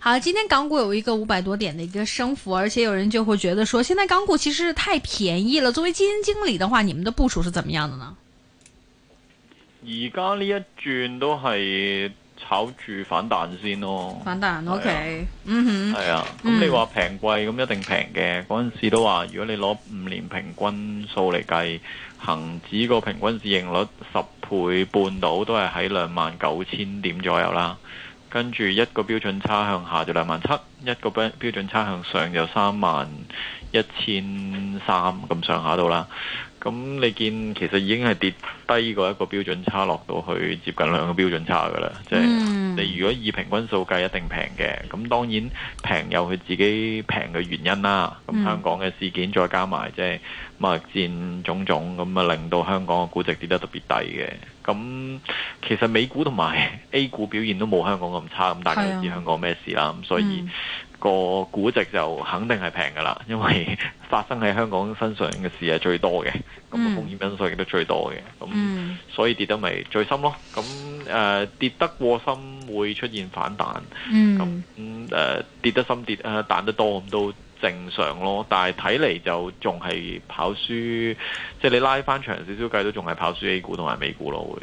好，今天港股有一個五百多點的一個升幅，而且有人就會覺得說，現在港股其實太便宜了。作為基金經理的話，你們的部署是怎麼樣的呢？而家呢一轉都係炒住反彈先咯。反彈，OK，啊、嗯哼，係啊。咁，嗯哼、啊，你話平貴咁一定平嘅。嗯，嗰陣時都話，如果你攞五年平均數嚟計，恒指個平均市盈率十倍半到都係喺兩萬九千點左右啦。跟住一個標準差向下就兩萬七，一個標準差向上就三萬一千三咁上下度啦。咁你見其實已經係跌低過一個標準差，落到去接近兩個標準差㗎啦，即係你如果以平均數計一定平嘅。咁當然平有佢自己平嘅原因啦。咁香港嘅事件再加埋即係貿戰種種，咁啊令到香港嘅估值跌得特別低嘅。咁其實美股同埋 A 股表現都冇香港咁差，咁大家都知香港咩事啦。咁所以。個估值就肯定係平㗎啦，因為發生喺香港身上嘅事係最多嘅，咁個、嗯、風險因素亦都最多嘅，咁、嗯、所以跌得咪最深咯。咁誒、呃、跌得過深會出現反彈，咁誒、嗯呃、跌得深跌、呃、彈得多咁都正常咯。但係睇嚟就仲係跑輸，即、就、係、是、你拉翻長少少計都仲係跑輸 A 股同埋美股咯會。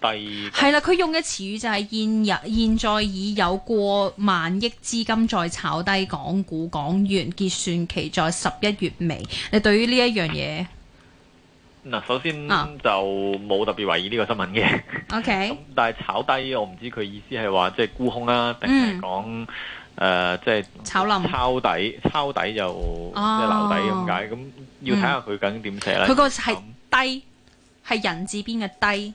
係啦，佢第用嘅詞語就係現日現在已有過萬億資金在炒低港股、港元結算期在十一月尾。你對於呢一樣嘢嗱，首先、啊、就冇特別懷疑呢個新聞嘅。O Okay . K，、嗯、但係炒低我唔知佢意思係話即係沽空啦、啊，定係講誒即係炒冧抄底，抄底又即係留底，點解？咁、啊、要睇下佢究竟點寫咧。佢、啊嗯、個係低係人字邊嘅低。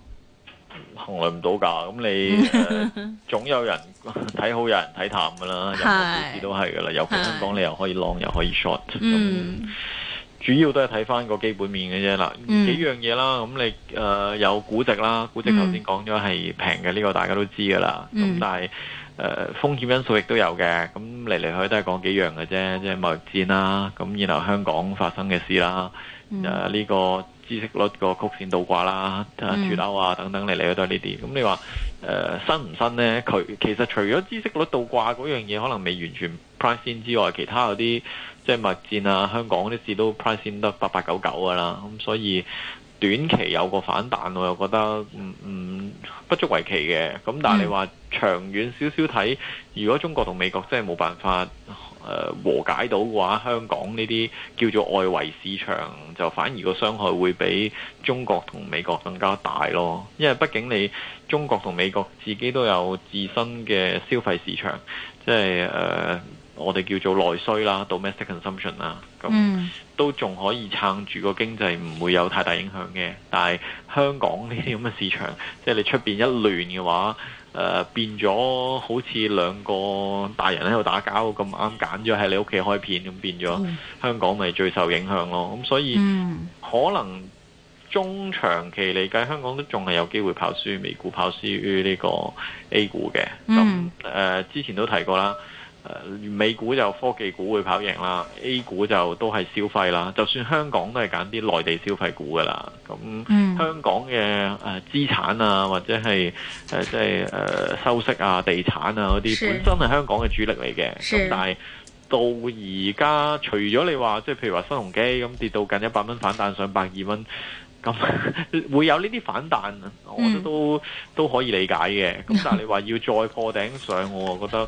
從來唔到㗎，咁你誒 總有人睇好，有人睇淡嘅啦，任何股市 都係㗎啦。尤其香港，你又可以 long， 又可以 short，咁、嗯、主要都係睇翻個基本面嘅啫、嗯、啦。幾樣嘢啦，咁你誒有估值啦，估值頭先講咗係平嘅，呢、嗯、個大家都知㗎啦。咁、嗯、但係誒、呃、風險因素亦都有嘅，咁嚟嚟去都係講幾樣嘅啫，即係貿易戰啦，咁然後香港發生嘅事啦，誒呢、嗯啊這個。知識率個曲線倒掛啦，脫歐啊等等，嗯、你你都係呢啲。咁你話誒新唔新呢？佢其實除咗知識率倒掛嗰樣嘢可能未完全 price in 之外，其他嗰啲即係貿戰啊、香港嗰啲事，都 price in 得八八九九㗎啦。咁所以短期有個反彈，我又覺得唔唔、嗯嗯、不足為奇嘅。咁但係你話長遠少少睇，如果中國同美國真係冇辦法。誒、呃、和解到嘅話，香港呢啲叫做外圍市場，就反而個傷害會比中國同美國更加大咯。因為畢竟你中國同美國自己都有自身嘅消費市場，即係誒、呃、我哋叫做內需啦 （domestic consumption） 啦，咁、嗯、都仲可以撐住個經濟，唔會有太大影響嘅。但係香港呢啲咁嘅市場，即係你出邊一亂嘅話。誒、呃，變咗好似兩個大人喺度打交咁，啱揀咗喺你屋企開片，咁變咗香港咪最受影響咯。咁所以、嗯、可能中長期嚟計，香港都仲係有機會跑輸美股、跑輸呢個 A 股嘅。咁誒、呃，之前都提過啦。呃、美股就科技股會跑贏啦，A 股就都係消費啦。就算香港都係揀啲內地消費股噶啦。咁、嗯、香港嘅誒、呃、資產啊，或者係即係收息啊、地產啊嗰啲，本身係香港嘅主力嚟嘅。咁是但係到而家，除咗你話即係譬如話新鴻基咁跌到近一百蚊，反彈上百二蚊，咁會有呢啲反彈，我覺得都、嗯、都可以理解嘅。咁但係你話要再破頂上， 我、我覺得。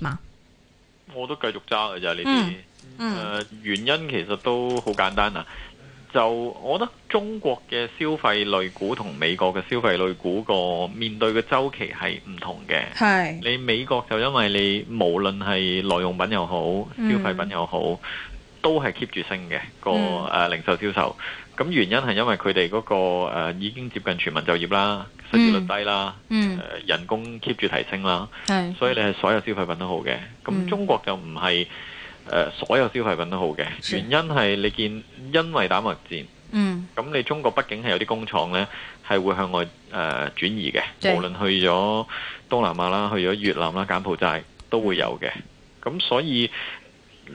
嗎我都繼續揸㗎咋，呢啲、嗯嗯呃，原因其實都好簡單啊。就我覺得中國嘅消費類股同美國嘅消費類股個面對嘅周期係唔同嘅。係是，你美國就因為你無論係耐用品又好，消費品又好，嗯、都係 keep 住升嘅、嗰個誒、嗯呃、零售銷售。咁原因係因為佢哋嗰個誒已經接近全民就業啦，失業率低啦，誒人工 keep 住提升啦，所以你係所有消費品都好嘅。咁中國就唔係誒所有消費品都好嘅，原因係你見因為打貿戰，咁你中國畢竟係有啲工廠咧係會向外誒轉移嘅，無論去咗東南亞啦、去咗越南啦、柬埔寨都會有嘅，咁所以。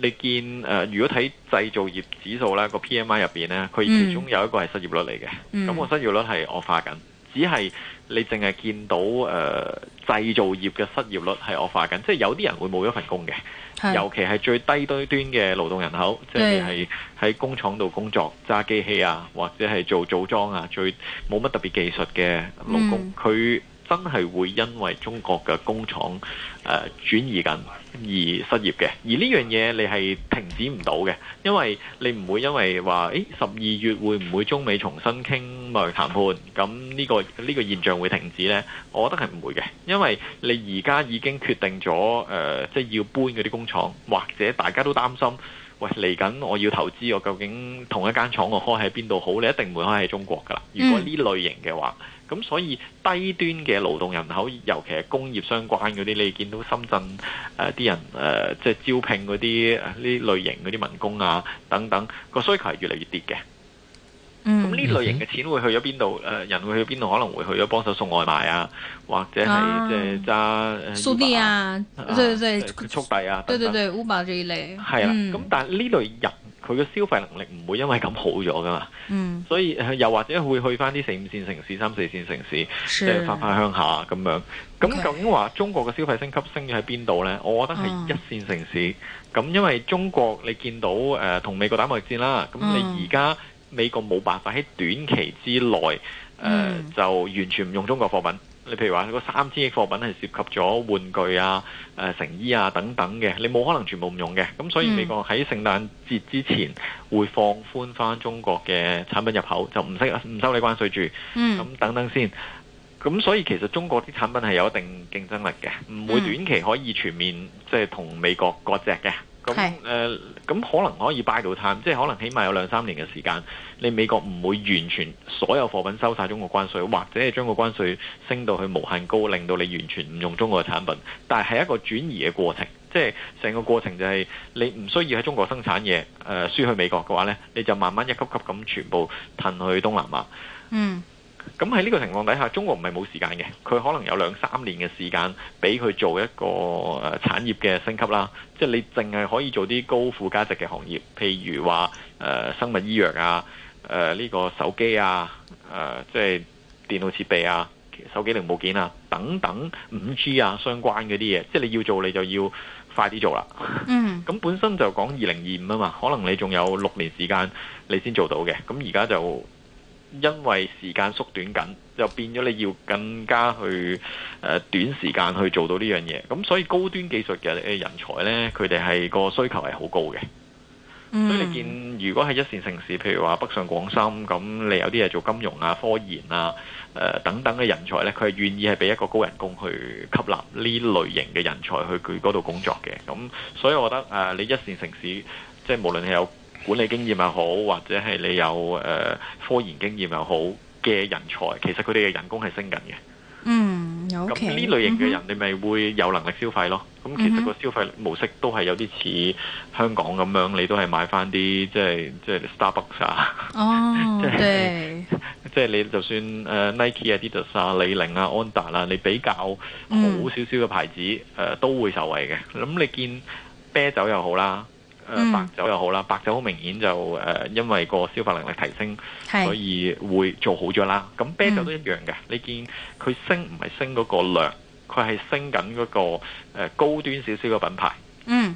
你見誒、呃，如果睇製造業指數咧，個 PMI 入面咧，佢其中有一個係失業率嚟嘅。咁個、嗯嗯、失業率係惡化緊，只係你淨係見到誒、呃、製造業嘅失業率係惡化緊，即係有啲人會冇咗份工嘅。是尤其係最低端端嘅勞動人口，是即係喺工廠度工作揸是機器啊，或者係做組裝啊，最冇乜特別技術嘅勞工，佢、嗯、真係會因為中國嘅工廠誒、呃、轉移緊。而失業嘅，而呢樣嘢你係停止唔到嘅，因為你唔會因為話誒，十二月會唔會中美重新傾埋談判，咁呢個呢個現象會停止咧？我覺得係唔會嘅，因為你而家已經決定咗誒，即係要搬嗰啲工廠，或者大家都擔心，喂嚟緊我要投資，我究竟同一間廠我開喺邊度好？你一定唔會開喺中國噶啦。如果呢類型嘅話。咁所以低端嘅勞動人口，尤其係工業相關嗰啲，你見到深圳誒啲人誒，即係招聘嗰啲呢類型嗰啲民工啊等等，個需求係越嚟越跌嘅。嗯，咁呢類型嘅錢會去咗邊度？誒，人會去邊度可能會去咗幫手送外賣啊，或者係即係揸速遞啊，對對對，速遞啊，對對對，Uber 這一類，係啦。咁但係呢類人。佢嘅消費能力唔會因為咁好咗噶嘛，所以又或者會去翻啲四五線城市、三四線城市，即係翻翻鄉下咁樣。咁究竟話中國嘅消費升級升咗喺邊度呢？我覺得係一線城市。咁因為中國你見到誒同美國打貿易戰啦，咁你而家美國冇辦法喺短期之內誒就完全唔用中國貨品。你譬如話個三千億貨品係涉及咗玩具啊、呃、成衣啊等等嘅，你冇可能全部唔用嘅，咁所以美國喺聖誕節之前會放寬翻中國嘅產品入口，就唔唔收你關稅住，咁等等先。咁所以其實中國啲產品係有一定競爭力嘅，唔會短期可以全面即係同美國割蓆嘅。咁那是、呃、可能可以 buy 到 time，即係可能起碼有兩三年嘅時間，你美國唔會完全所有貨品收曬中國關稅，或者係將個關稅升到去無限高，令到你完全唔用中國嘅產品。但係一個轉移嘅過程，即係成個過程就係你唔需要喺中國生產嘢，輸、呃、去美國嘅話呢你就慢慢一級級咁全部褪去東南亞。嗯。咁喺呢個情況底下，中國唔係冇時間嘅，佢可能有兩三年嘅時間俾佢做一個產、呃、產業嘅升級啦。即係你淨係可以做啲高附加值嘅行業，譬如話誒、呃、生物醫藥啊、誒、呃、呢、這個手機啊、誒、呃、即係電腦設備啊、手機零部件啊等等五 G 啊相關嗰啲嘢。即係你要做，你就要快啲做啦。嗯、mm，咁、hmm. 本身就講二零二五啊嘛，可能你仲有六年時間你先做到嘅。咁而家就。因為時間縮短緊，就變咗你要更加去誒、呃、短時間去做到呢樣嘢。咁所以高端技術嘅人才呢，佢哋係個需求係好高嘅。Mm. 所以你見如果係一線城市，譬如話北上廣深，咁你有啲嘢做金融啊、科研啊、誒、呃、等等嘅人才呢，佢係願意係俾一個高人工去吸納呢類型嘅人才去佢嗰度工作嘅。咁所以我覺得誒、呃，你一線城市即係無論你有。管理經驗又好，或者係你有、呃、科研經驗又好嘅人才，其實佢哋嘅人工係升緊嘅。嗯、okay。咁呢類型嘅人，嗯、哼你咪會有能力消費咯。咁其實個消費模式都係有啲似香港咁樣，你都係買翻啲即係即係 Starbucks 啊。哦，oh, okay. 即係你就算、呃、Nike 啊、Adidas 啊、李寧啊、安踏啦、啊，你比較好少少嘅牌子、嗯呃、都會受惠嘅。咁你見啤酒又好啦。誒、嗯、白酒又好啦，白酒好明顯就誒、呃，因為個消化能力提升，是所以會做好咗啦。咁啤酒都一樣嘅，嗯、你見佢升唔係升嗰個量，佢係升緊、那、嗰個、呃、高端少少嘅品牌。嗯，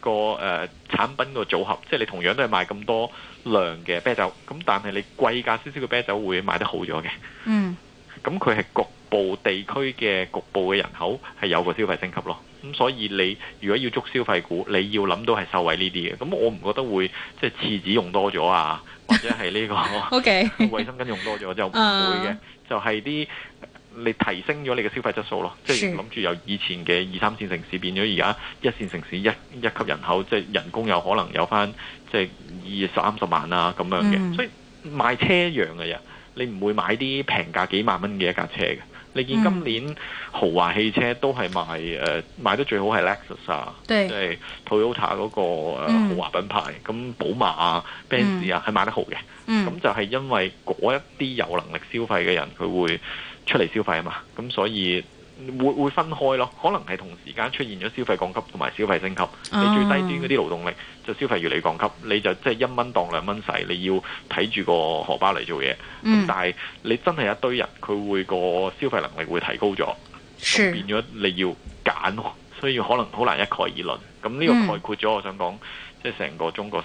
個誒、呃、產品個組合，即係你同樣都係賣咁多量嘅啤酒，咁但係你貴價少少嘅啤酒會賣得好咗嘅。嗯，咁佢係焗部地區嘅局部嘅人口係有個消費升級咯，咁所以你如果要捉消費股，你要諗到係受惠呢啲嘅。咁我唔覺得會即係廁紙用多咗啊，或者係呢、這個 OK 衞生巾用多咗就唔會嘅，就係啲、uh, 你提升咗你嘅消費質素咯，即係諗住由以前嘅二三線城市變咗而家一線城市一一級人口，即係人工有可能有翻即係二三十萬啊咁樣嘅。嗯、所以買車一樣嘅嘢，你唔會買啲平價幾萬蚊嘅一架車嘅。你見今年豪華汽車都係賣誒、嗯呃、賣得最好係 Lexus 啊，即係對 Toyota 嗰個豪華品牌，咁、嗯、寶馬啊、Benz 啊，係賣、嗯、得好嘅。咁、嗯、就係因為嗰一啲有能力消費嘅人，佢會出嚟消費啊嘛，咁所以。會會分開咯，可能係同時間出現咗消費降級同埋消費升級。Oh. 你最低端嗰啲勞動力就消費越嚟降級，你就即係一蚊當兩蚊使，你要睇住個荷包嚟做嘢、mm. 嗯。但係你真係一堆人，佢會個消費能力會提高咗，是變咗你要揀，所以可能好難一概而論。咁呢個概括咗，我想講即係成個中國。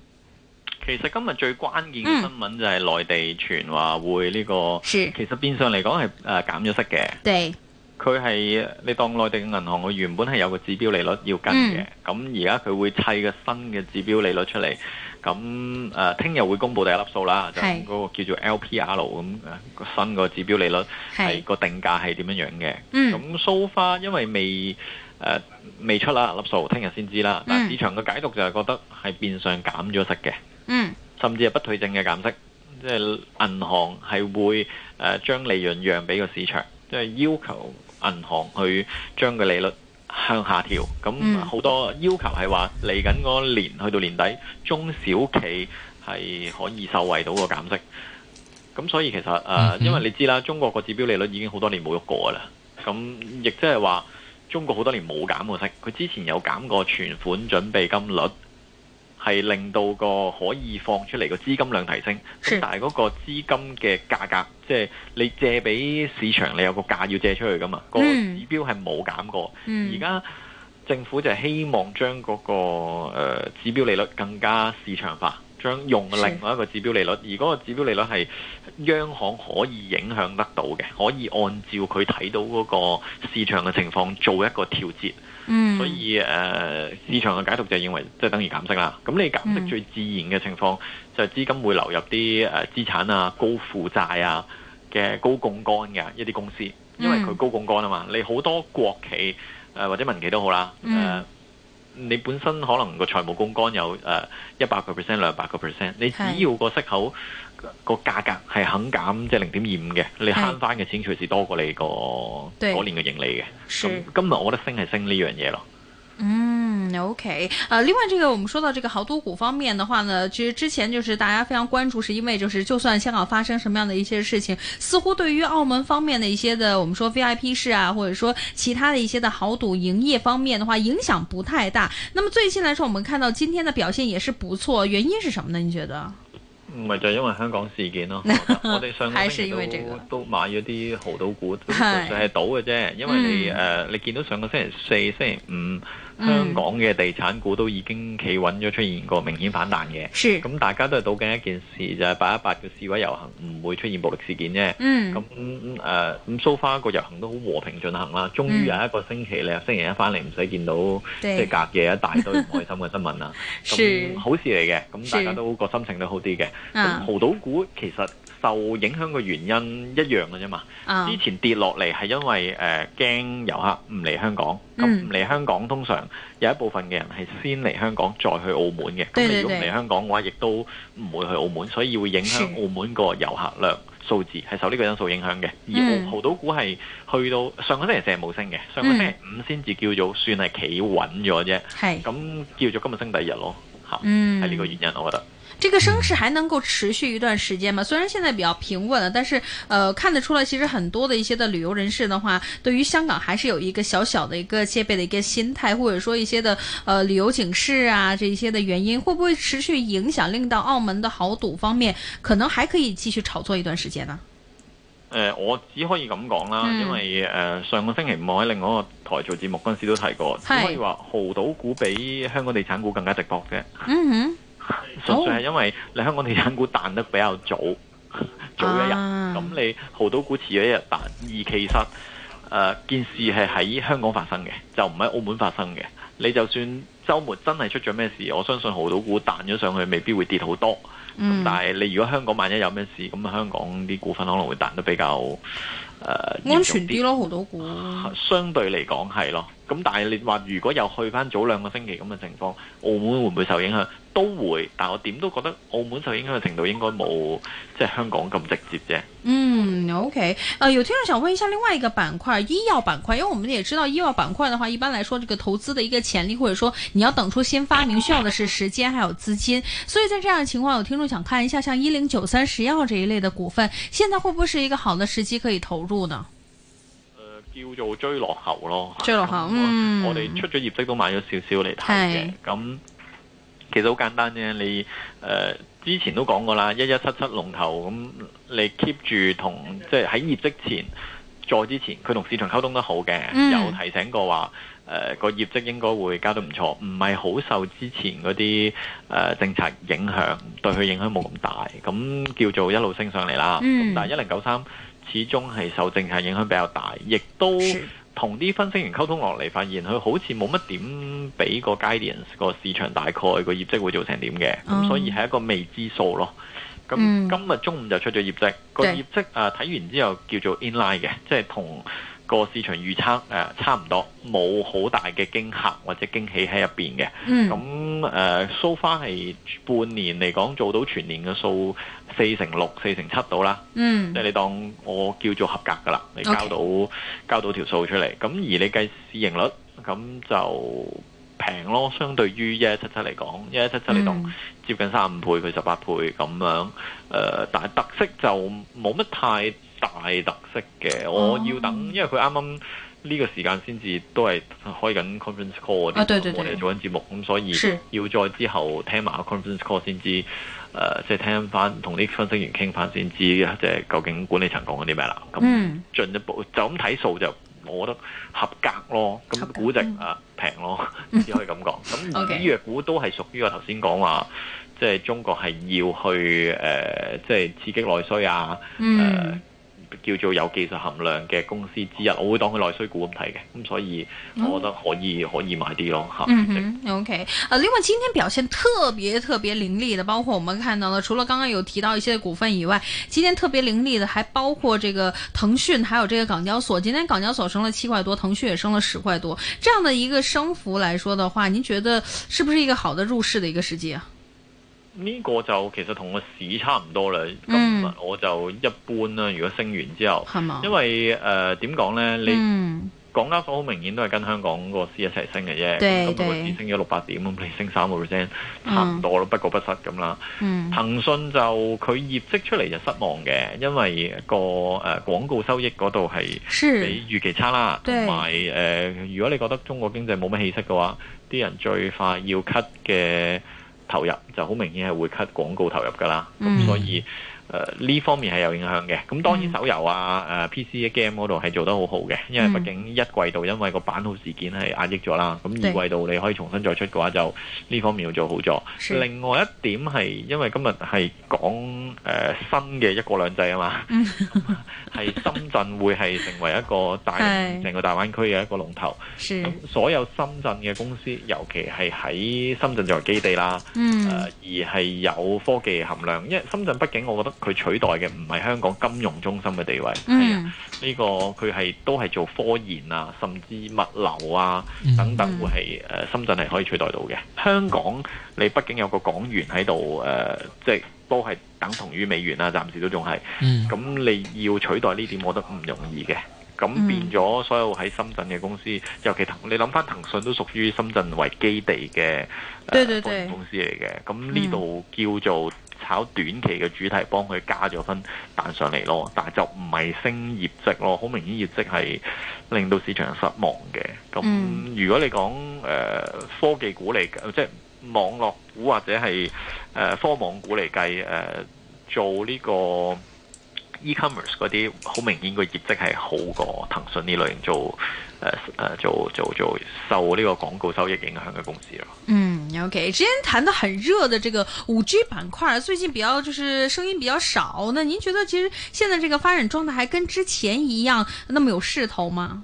其實今日最關鍵嘅新聞就係內地傳話會呢個，其實變相嚟講係誒減咗息嘅。對，佢係你當內地嘅銀行，佢原本係有個指標利率要跟嘅。咁而家佢會砌個新嘅指標利率出嚟。咁誒，聽日會公布第一粒數啦，就嗰個叫做 LPR，咁個新個指標利率係個定價係點樣樣嘅。咁 so far，因為未誒未出啦，粒數聽日先知啦。嗱，市場嘅解讀就係覺得係變相減咗息嘅。嗯，甚至係不退正嘅減息，即係銀行係會誒將、呃、利潤讓俾個市場，即、就、係、是、要求銀行去將個利率向下調。咁好、嗯、多要求係話嚟緊嗰年去到年底，中小企係可以受惠到個減息。咁所以其實誒，呃嗯、因為你知啦，中國個指標利率已經好多年冇喐過噶啦。咁亦即係話，中國好多年冇減過息，佢之前有減過存款準備金率。係令到個可以放出嚟個資金量提升，但係嗰個資金嘅價格，即係你借俾市場，你有個價要借出去噶嘛？個指標係冇減過，而家政府就係希望將嗰個指標利率更加市場化。將用另外一個指標利率，是而嗰個指標利率係央行可以影響得到嘅，可以按照佢睇到嗰個市場嘅情況做一個調節。嗯，所以誒、呃、市場嘅解讀就係認為即係、就是、等於減息啦。咁你減息最自然嘅情況、嗯、就係資金會流入啲誒資產啊、高負債啊嘅高槓桿嘅一啲公司，因為佢高槓桿啊嘛。嗯、你好多國企誒、呃、或者民企都好啦誒。呃嗯你本身可能個財務槓桿有誒一百個 percent、兩百個 percent，你只要個息口是、呃、個價格係肯減，即係零點二五嘅，你慳翻嘅錢隨時多過你、那個嗰年嘅盈利嘅。咁今日我覺得升係升呢樣嘢咯。嗯。OK，呃，另外這個我們說到這個豪賭股方面的話呢，其實之前就是大家非常關注，是因為就是就算香港發生什麼樣的一些事情，似乎對於澳門方面的一些的我們說 VIP 室啊，或者說其他的一些的豪賭營業方面的話影響不太大。那麼最近來說，我們看到今天的表現也是不錯，原因是什麼呢？你覺得？唔係就是，因為香港事件咯， 我哋上個星期都、 這個、都買咗啲豪賭股，就係賭嘅啫。因為誒、嗯呃，你見到上個星期四、星期五。嗯、香港嘅地產股都已經企穩咗，出現過明顯反彈嘅。咁是，嗯嗯、大家都係賭緊一件事，就係八一八嘅示威遊行唔會出現暴力事件啫。嗯。咁誒、嗯，咁 so far 個遊行都好和平進行啦。嗯。終於有一個星期咧，嗯、星期一翻嚟唔使見到即係對隔夜一大堆唔開心嘅新聞啦。是、 嗯。好事嚟嘅，咁、嗯、是大家都個心情都好啲嘅。咁豪賭股其實，嗯受影響嘅原因一樣嘅啫嘛，之、oh. 前跌落嚟係因為誒驚、呃、遊客唔嚟香港，咁唔嚟香港通常有一部分嘅人係先嚟香港再去澳門嘅，咁你如果唔嚟香港嘅話，亦都唔會去澳門，所以會影響澳門個遊客量數字係是受呢個因素影響嘅。Mm. 而豪賭股係去到上個星期四冇升嘅，上個星期五先至叫做、mm. 算係企穩咗啫，咁是叫做今日升第一日咯，嚇，係呢個原因我覺得。這個升勢還能夠持續一段時間嗎？雖然現在比較平穩了，但是呃看得出來，其實很多的一些的旅遊人士的話，對於香港還是有一個小小的一個戒備的一個心態，或者說一些的呃旅遊警示啊這一些的原因，會不會持續影響，令到澳門的豪賭方面可能還可以繼續炒作一段時間呢？呃，我只可以咁講啦，嗯、因為呃上個星期五喺另外一個台做節目嗰陣時都提過，是只可以話豪賭股比香港地產股更加直博嘅。嗯哼。純 粹係因為你香港地產股彈得比較早，早一日咁，啊、那你豪賭股遲一日彈。而其實誒、呃、件事係喺香港發生嘅，就唔喺澳門發生嘅。你就算週末真係出咗咩事，我相信豪賭股彈咗上去，未必會跌好多。咁、嗯、但係你如果香港萬一有咩事，咁香港啲股份可能會彈得比較、呃、安全啲咯。豪賭股相對嚟講係咯，咁但係你話如果又去翻早兩個星期咁嘅情況，澳門會唔會受影響？都會，但我點都覺得澳門受影響嘅程度應該冇即係香港咁直接啫。嗯，OK、呃。有聽眾想問一下另外一個板塊，醫藥板塊，因為我們也知道醫藥板塊嘅話，一般來說，這個投資的一個潛力，或者說你要等出新發明，需要的是時間還有資金。 所以在這樣的情況，有聽眾想看一下，像一零九三石藥這一類嘅股份，現在會不會是一個好的時機可以投入呢？呃、叫做追落後咯，追落後。嗯， 我哋出咗業績都買咗少少嚟睇嘅。咁、嗯。嗯其實好簡單啫，你誒、呃、之前都講過啦，一一七七龍頭咁，你 keep 住同即係喺業績前再之前，佢同市場溝通得好嘅，有、mm. 提醒過話誒個業績應該會加得唔錯，唔係好受之前嗰啲誒政策影響，對佢影響冇咁大，咁叫做一路升上嚟啦。Mm. 但係一零九三始終係受政策影響比較大，亦都。同啲分析員溝通落嚟，發現佢好似冇乜點俾個 guidance 個市場大概個業績會做成點嘅，咁所以係一個未知數咯。咁今日中午就出咗業績，個、嗯、業績啊睇完之後叫做 in line 嘅，即係同。個市場預測誒、呃、差唔多，冇好大嘅驚嚇或者驚喜喺入邊嘅。咁誒、嗯，So far 係半年嚟講做到全年嘅數四成六、四成七到啦。即係、嗯、你當我叫做合格㗎啦，你交到 Okay. 交到條數出嚟。咁而你計市盈率，咁就平咯。相對於一一七七嚟講，一一七七你當接近三五倍，佢十八倍咁樣。誒、呃，但係特色就冇乜太大特色嘅，我要等，哦、因為佢啱啱呢個時間先至都係開緊 conference call 嗰啲，哦、對對對，我哋做緊節目，咁是所以要再之後聽埋個 conference call 先知，即、呃、係、就是、聽翻同啲分析員傾翻先知，即係究竟管理層講緊啲咩啦。咁、嗯、進一步就咁睇數就，我覺得合格咯。咁估值啊平、啊、咯，只可以咁講。咁呢隻藥股都係屬於我頭先講話，即、就、係、是、中國係要去即係、呃就是、刺激內需啊，嗯叫做有技術含量嘅公司之一，我會當佢內需股咁睇嘅，咁、嗯、所以我覺得可以、嗯、可以買啲咯嚇。嗯嗯，OK。啊、呃，另外今天表現特別特別凌厲的，包括我們看到的，除了剛剛有提到一些股份以外，今天特別凌厲的，還包括這個騰訊，還有這個港交所。今天港交所升了七塊多，騰訊也升了十塊多，這樣的一個升幅來說的話，您覺得是不是一個好的入市嘅一個時機啊？呢個就其實同個市差唔多啦，今日我就一般啦。如果升完之後，嗯、因為誒點講呢？你、嗯、港交所好明顯都係跟香港個對市一齊升嘅啫。咁個只升咗六百點，咁你升三個 percent，差唔多咯，嗯、不過不失咁啦。騰訊、嗯、就佢業績出嚟就失望嘅，因為、個誒廣、呃、告收益嗰度係比預期差啦。同埋誒，如果你覺得中國經濟冇乜氣息嘅話，啲人最快要 cut 嘅。投入就好明顯係會 cut 廣告投入噶啦，咁所以，誒呢方面係有影響嘅，咁當然手遊啊、誒 PC game 嗰度係做得好好嘅，因為畢竟一季度因為個版號事件係壓抑咗啦，咁二季度你可以重新再出嘅話，就呢方面要做好咗。另外一點係因為今日係講誒新嘅一國兩制啊嘛，係深圳會係成為一個大成個大灣區嘅一個龍頭，咁所有深圳嘅公司，尤其係喺深圳作為基地啦，誒而係有科技含量，因為深圳畢竟我覺得。佢取代嘅唔係香港金融中心嘅地位，係、嗯、啊，呢、這個佢係都係做科研啊，甚至物流啊、嗯、等等，會係誒深圳係可以取代到嘅。香港你畢竟有個港元喺度，誒、呃，即係都係等同於美元啊，暫時都仲係嗯，咁你要取代呢點我覺得唔容易嘅。咁變咗所有喺深圳嘅公司，嗯、尤其騰，你諗翻騰訊都屬於深圳為基地嘅、呃、公司嚟嘅，咁呢度叫做。嗯炒短期嘅主題幫佢加咗分彈上嚟咯，但係就唔係升業績咯，好明顯業績係令到市場失望嘅。咁如果你講誒、呃、科技股嚟計，即係網絡股或者係誒、呃、科網股嚟計誒、呃、做呢、這個。e-commerce 嗰啲，好明顯個業績係好過騰訊，呢類型做誒誒、呃、做做做，做受呢個廣告收益影響嘅公司咯。嗯，OK，之前談得很熱的這個五 G 板塊，最近比較就是聲音比較少，那您覺得其實現在這個發展狀態還跟之前一樣那麼有勢頭嗎？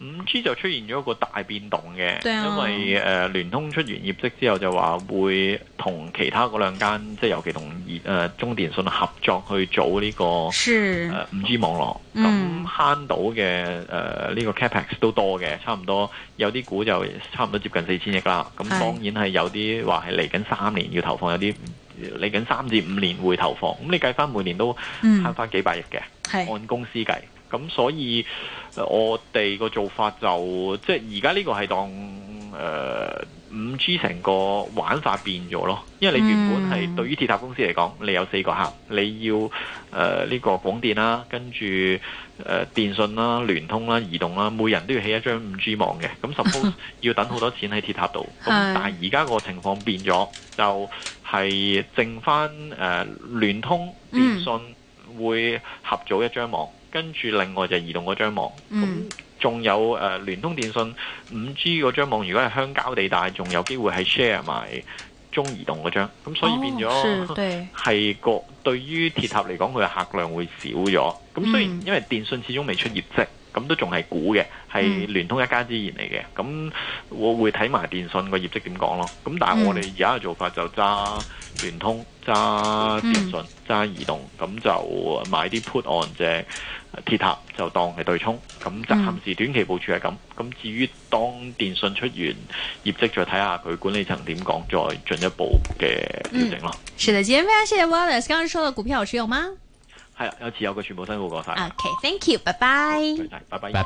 五 G 就出現咗一個大變動嘅，對啊、因為誒、呃、聯通出完業績之後就話會同其他嗰兩間，即係尤其同誒、呃、中電信合作去做呢、這個五是、呃、G 網絡，咁慳到嘅誒呢個 capex 都多嘅，差唔多有啲股就差唔多接近四千億啦。咁當然係有啲話係嚟緊三年要投放，有啲嚟緊三至五年會投放。咁你計翻每年都慳翻幾百億嘅，嗯、按公司計。咁所以我哋個做法就，即係而家呢個係當誒五、呃、G 成個玩法變咗咯，因為你原本係對於鐵塔公司嚟講，你有四個客，你要誒呢、呃、這個廣電啦，跟住誒、呃、電信啦、聯通啦、移動啦，每人都要起一張五 G 網嘅，咁 suppose 要等好多錢喺鐵塔度，咁 但係而家個情況變咗，就係、是、剩翻、誒、呃、聯通、電信會合組一張網。跟住另外就移動嗰張網，咁仲、嗯、有誒呃、聯通電信五 G 嗰張網，如果係鄉郊地帶仲有機會係 share 埋中移動嗰張，咁所以變咗係、哦、個對於鐵塔嚟講，佢嘅客量會少咗。咁雖然因為電信始終未出業績。嗯咁都仲係估嘅，係聯通一家之言嚟嘅。咁、嗯、我會睇埋電信個業績點講咯。咁但係我哋而家嘅做法就揸聯通、揸電信、揸、嗯、移動，咁就買啲 put on 隻鐵塔，就當係對沖，咁暫時，短期部署係咁。咁、嗯、至於當電信出完業績再睇下佢管理層點講，再進一步嘅調整咯。嗯、是的，今非常謝謝 Wallace 剛剛才說到股票有持有嗎？係啊，有持有嘅全部新報過曬。OK，thank you，拜拜。拜拜。